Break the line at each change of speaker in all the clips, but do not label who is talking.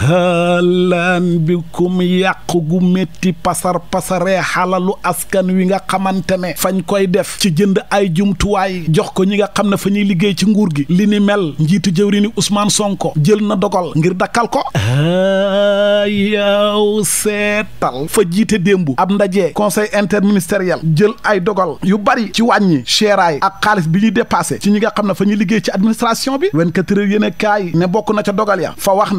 ha ahlan bikum yàq gu métti pasar pasaree xalalu askan wi nga xamante ne fañ koy def ci jënd ay jumtuwaay jox ko ñi nga xam ne fa ñuy liggéey ci nguur gi li ni mel njiitu jëwri ni Ousmane Sonko jël na dogal ngir dakkal ko ah, yow seetal fa jiite démb ab ndaje conseil interministériel jël ay dogal yu bari ci wàññi seeraay ak xaalis bi ñuy dépassé ci ñi nga xam ne fa ñuy liggéey ci administration bi 24 heures yéen kaay ne bokk na ca dogal ya fa wax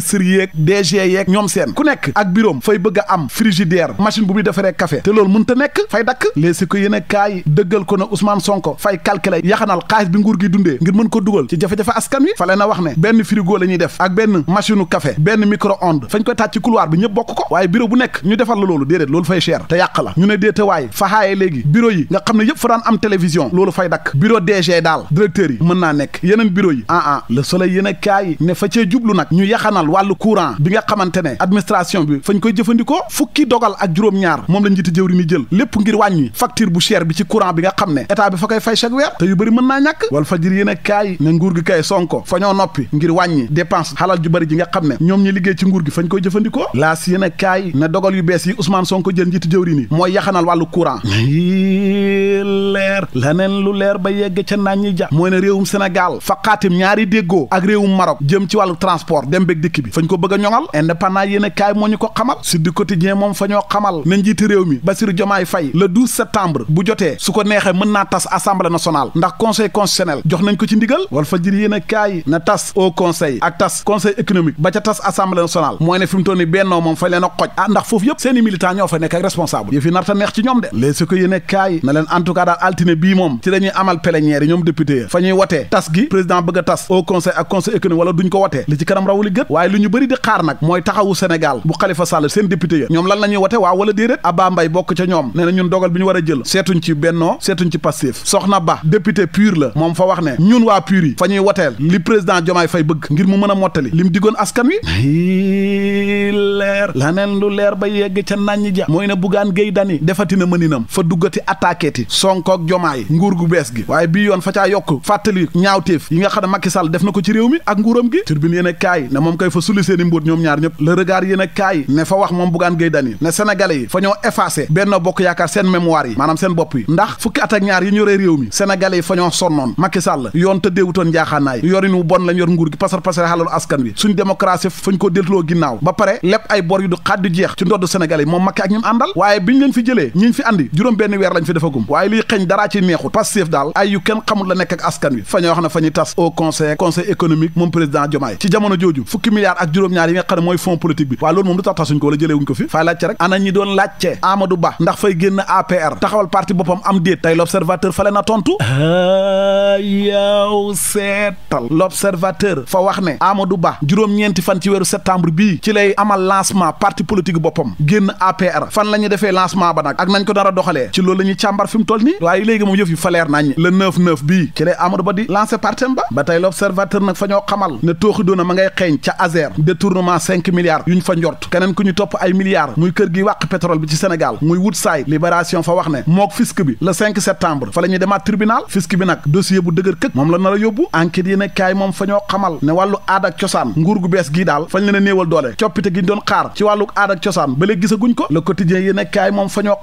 ministre yeeg DG yeeg ñoom seen ku nekk ak buroom fay bëgg a am frigidaire machine bu muy defaree kafe te loolu mën ta nekk fay dakk léeg si ko yéen kaay dëggal ko na Ousmane Sonko fay calculer yaxanal xaalis bi nguur gi dundee ngir mën ko dugal ci jafe-jafe askan wi fa leen a wax ne benn firigo la ñuy def ak benn machine kafe benn micro-ondes fañ koy tàj ci couloir bi ñëpp bokk ko waaye bureau bu nekk ñu defar la loolu déedéet loolu fay cher te yàq la ñu ne déete waaye fa xaaye léegi bureau yi nga xam ne yëpp fa daan am télévision loolu fay dakk bureau DG daal directeur yi mën naa nekk yeneen bureau yi ah ah le soleil yéen kaay ne fa jublu nag ñu yaxanal wàllu courant bi nga xamante ne administration bi fañ koy jëfandikoo fukki dogal ak juróom-ñaar moom la njiiti jëwri ni jël lépp ngir wàññi facture bu cher bi ci courant bi nga xam ne état bi fa koy fay chaque weer te yu bëri mën naa ñàkk wal fajir yéen a kaay ne nguur gi kay sonko fa ñoo noppi ngir wàññi dépense xalal ju bari ji nga xam ne ñoom ñi liggéey ci nguur gi fañ koy jëfandikoo laas yéen a kaay ne dogal yu bees yi Ousmane Sonko jël njiiti jëwri ni mooy yaxanal wàllu courant leer laneen lu leer ba yegg ca naan ñi ja mooy ne réewum Sénégal fa ñaari déggoo ak réewum Maroc jëm ci wàllu transport dem bég dikk dëkk bi fañ ko bëgg ñoŋal indépendant yéen a moo ñu ko xamal si du quotidien moom fa xamal na njiiti réew mi Bassirou Diomaye Faye le 12 bu jotee su ko neexee mën naa tas assemblée nationale ndax conseil constitutionnel jox nañ ko ci ndigal wal fa jir yéen na tas au conseil ak tas conseil économique ba ca tas assemblée nationale mooy ne fi bennoo moom fa leen a xoj ah ndax foofu yëpp seeni militant ñoo fa nekk kaay na yi ñoom député ya fa waaye lu ñu bëri di xaar nag mooy taxawu Sénégal bu Khalifa Sall seen député ya ñoom lan la ñuy wote waaw wala déedéet Abba Mbaye bokk ca ñoom nee na ñun dogal bi ñu war a jël seetuñ ci bennoo seetuñ ci Pastef soxna ba député pur la moom fa wax ne ñun waa pur yi fa ñuy woteel li président Diomaye Faye bëgg ngir mu mën a mottali li mu digoon askan wi leer laneen lu leer ba yegg ca naññ ja mooy ne Bougane Gueye Dany defati na mëninam fa duggati attaqué ti Sonko ak Diomaye nguur gu bees gi waaye bii yoon fa caa yokk fàttali ñaawteef yi nga xam ne Macky Sall def na ko ci réew mi ak nguuram gi fa sulli seeni mbóot ñoom ñaar ñëpp le regard a kaay ne fa wax moom Bougane Gueye Dany ne sénégalais yi fa ñoo effacé benn bokk yaakaar seen mémoire yi maanaam seen bopp yi ndax fukki at ñaar yi ñu ree réew mi sénégalais yi fa sonnoon Macky Sall yoon tëddeewutoon njaaxaanaay yorin wu bon lañ yor nguur gi pasar pasar xalalu askan wi suñ démocratie fañ ko deltuloo ginnaaw ba pare lépp ay bor yu du xaat jeex ci ndodd sénégalais yi moom Macky milliards ak juróom-ñaar yi nga xam ne mooy fonds politique bi waaw loolu moom Ba ndax fay génn APR taxawal parti boppam am déet tey la ñuy defee lancement ba nag ak nañ ko dara doxalee ci loolu la ñuy càmbar toll nii waaye léegi moom yëf yi fa nañ le 9 9 bii ci lay Amadou Ba di lancer parti am ba ba tey l'observateur nag fa ñoo xamal ne tooxi ma ngay xeeñ ca ASER détournement cinq milliards yuñ fa njort keneen ku ñu topp ay milliards muy kër gi wàq pétrole bi ci Sénégal muy Woodside libération fa wax ne mook fisc bi le 5 fa la ñuy demaat tribunal fisc bi nag dossier bu dëgër këkk moom la nar a yóbbu enquête yi kaay moom fa ñoo xamal ne wàllu aada cosaan nguur gu bees gii daal fañ leen a néewal doole coppite gi ñu doon xaar ci wàllu aada cosaan ba léegi gisaguñ ko le quotidien yi ne kaay moom fa ñoo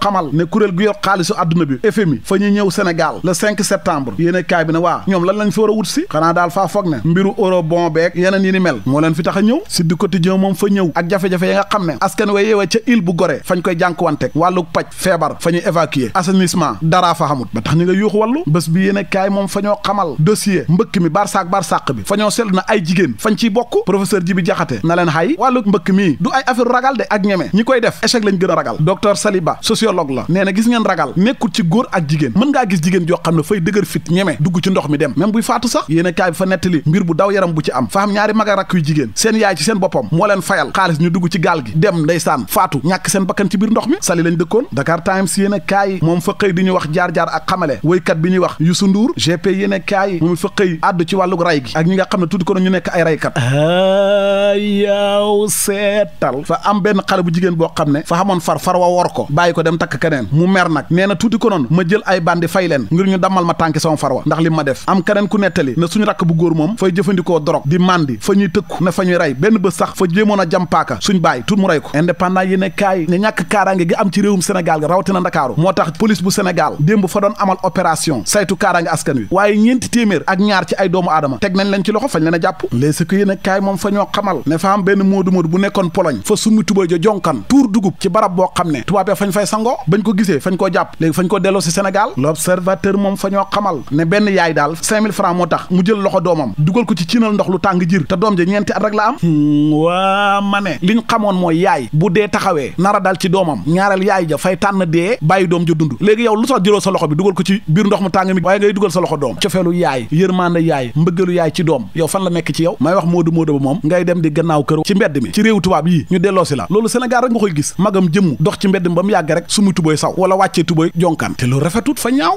tax a ñëw si du quotidien moom fa ñëw ak jafe-jafe ya nga xam ne askan wa yeewee ca île bu Gorée fañ koy jànkuwante wàllu paj feebar fa ñuy évacuer dara daraa fa xamut ba tax ñu nga yuuxu wàllu bés bi yéen kaay moom fañoo xamal dossier mbëkk mi barsaak barsàq bi fa ñoo seetlu na ay jigéen fañ ciy bokk professeur Jibi Jaxate na leen xay wàllu mbëkk mii du ay affaire ragal de ak ñeme ñi koy def échec lañ gën a ragal docteur Saliba sociologue la nee na gis ngeen ragal nekkul ci góor ak jigéen mën ngaa gis jigéen joo xam ne fay dëgër fit ñeme dugg ci ndox mi dem même buy faatu sax yéen kaay fa nettali mbir bu daw yaram bu ci am fa xam ñaari ak rakk yu seen yaay ci seen boppam moo leen fayal xaalis ñu dugg ci gaal gi dem ndeysaan faatu ñàkk seen bakkan ci biir ndox mi sali lañ dëkkoon Dakar Times yéen moom fa di ñu wax jaar-jaar ak xamale woykat bi ñuy wax Youssou Ndour GP yéen a kaay moom fa xëy àddu ci wàllu ray gi ak ñi nga xam ne tuddi ko ñu nekk ay raykat yaaw seetal fa am benn xale bu jigéen boo xam ne fa xamoon far far wa wor ko bàyyi ko dem takk keneen mu mer nag nee na tuuti ko noonu ma jël ay bandi fay leen ngir ñu dammal ma tànki sama far ndax li ma def am keneen nettali na suñu rakk bu góor moom fay jëfandikoo dorog di mandi ñuy rey benn bés sax fa jéemoon a jam paaka suñ bàyyi tut mu rey ko indépendant yi ne kaay ne ñàkk kaaraange gi am ci réewum Sénégal gi rawatina Ndakaaru moo tax police bu Sénégal démb fa doon amal opération saytu kaaraange askan wi waaye ñeenti téeméer ak ñaar ci ay doomu aadama teg nañ leen ci loxo fañ leen a jàpp les ko yéen moom fa ñoo xamal ne fa benn moodu moodu bu nekkoon Pologne fa summi tubay ja jonkan tuur dugub ci barab boo xam ne tubaab lu tàng am waa ma ne li ñu xamoon moo yaay bu dee taxawee nara dal ci doomam ñaareel yaay ja fay tànn dee bàyyi doom ju dund léegi yow lu sax jëloo sa loxo bi dugal ko ci biir ndox mu tàng mi waaye ngay dugal sa loxo doom cofeelu yaay yërmande yaay mbëggeelu yaay ci doom yow fan la nekk ci yow may wax moodu moodu ba moom ngay dem di gannaaw kër ci mbedd mi ci réewu tubaab yii ñu delloo si la loolu Sénégal rek nga koy gis magam jëmm dox ci mbedd mi ba mu yàgg rek su mu saw wala wàccee tubooy jonkan te lu